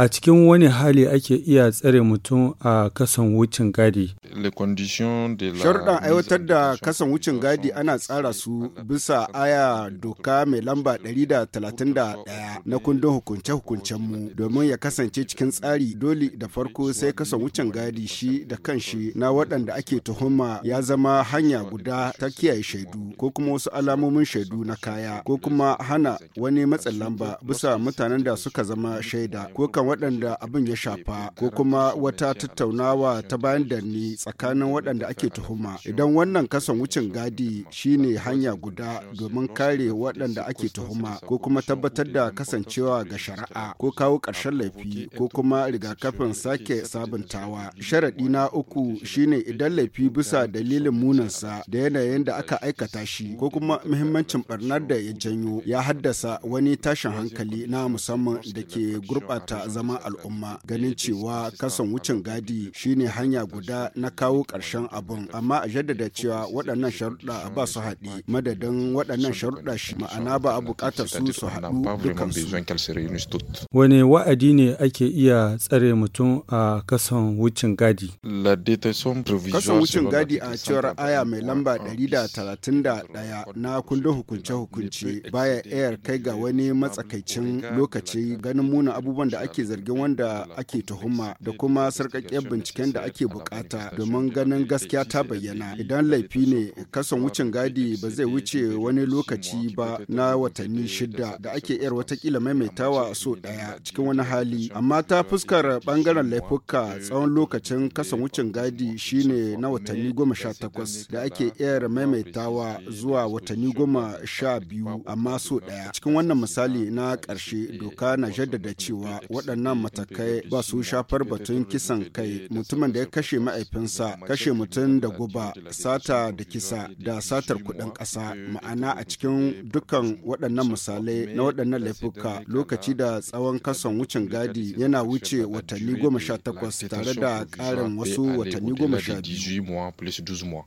A cikin wani hali ake iya tsare mutum a kasan wucin gadi? Sharuɗan aiwatar da kasan wucin gadi ana tsara su bisa aya doka mai lamba 131 na kundin hukunce hukuncen mu domin ya kasance cikin tsari dole da farko sai kasan wucin gadi shi da kanshi na waɗanda ake tuhuma ya zama hanya guda ta kiyaye shaidu ko kuma wasu alamomin shaidu na kaya ko kuma hana wani matsin lamba bisa mutanen da suka zama shaida ko waɗanda abin ya shafa ko kuma wata tattaunawa ta bayan da ni tsakanin waɗanda ake tuhuma idan wannan kasan wucin gadi shine hanya guda domin kare waɗanda ake tuhuma ko kuma tabbatar da kasancewa ga shari'a ko kawo ƙarshen laifi ko kuma rigakafin sake sabuntawa sharaɗi na uku shine idan laifi bisa dalilin munansa da yanayin da aka aikata shi ko kuma muhimmancin barnar da ya janyo ya haddasa wani tashin hankali na musamman da ke gurɓata zama al'umma ganin cewa kasan wucin gadi shine hanya guda na kawo ƙarshen abun amma a jaddada cewa waɗannan sharuɗa ba su haɗi madadin waɗannan sharuɗa shi ma'ana ba a buƙatar su su haɗu dukansu. Wani wa'adi ne ake iya tsare mutum a kasan wucin gadi? Kasan wucin gadi a cewar aya mai lamba 131 na kundin hukunce-hukunce baya ayar kai ga wani matsakaicin lokaci ganin muna abubuwan da ake zargin wanda ake tuhuma da kuma sarƙaƙƙiyar binciken da ake bukata domin ganin gaskiya ta bayyana idan laifi ne kasan wucin gadi ba zai wuce wani lokaci ba na watanni shida da ake yar watakila maimaitawa so ɗaya. cikin wani hali amma ta fuskar bangaren laifuka tsawon lokacin kasan wucin gadi shine na watanni goma sha takwas da ake yar maimaitawa zuwa watanni goma sha biyu amma so daya cikin wannan misali na ƙarshe doka na jaddada cewa waɗanda waɗannan matakai ba su shafar batun kisan kai mutumin da ya kashe ma'aifinsa kashe mutum da guba sata da kisa da satar kuɗin ƙasa ma'ana a cikin dukkan waɗannan misalai na waɗannan laifuka lokaci da tsawon kason wucin gadi yana wuce watanni goma sha takwas tare da ƙarin wasu watanni goma sha biyu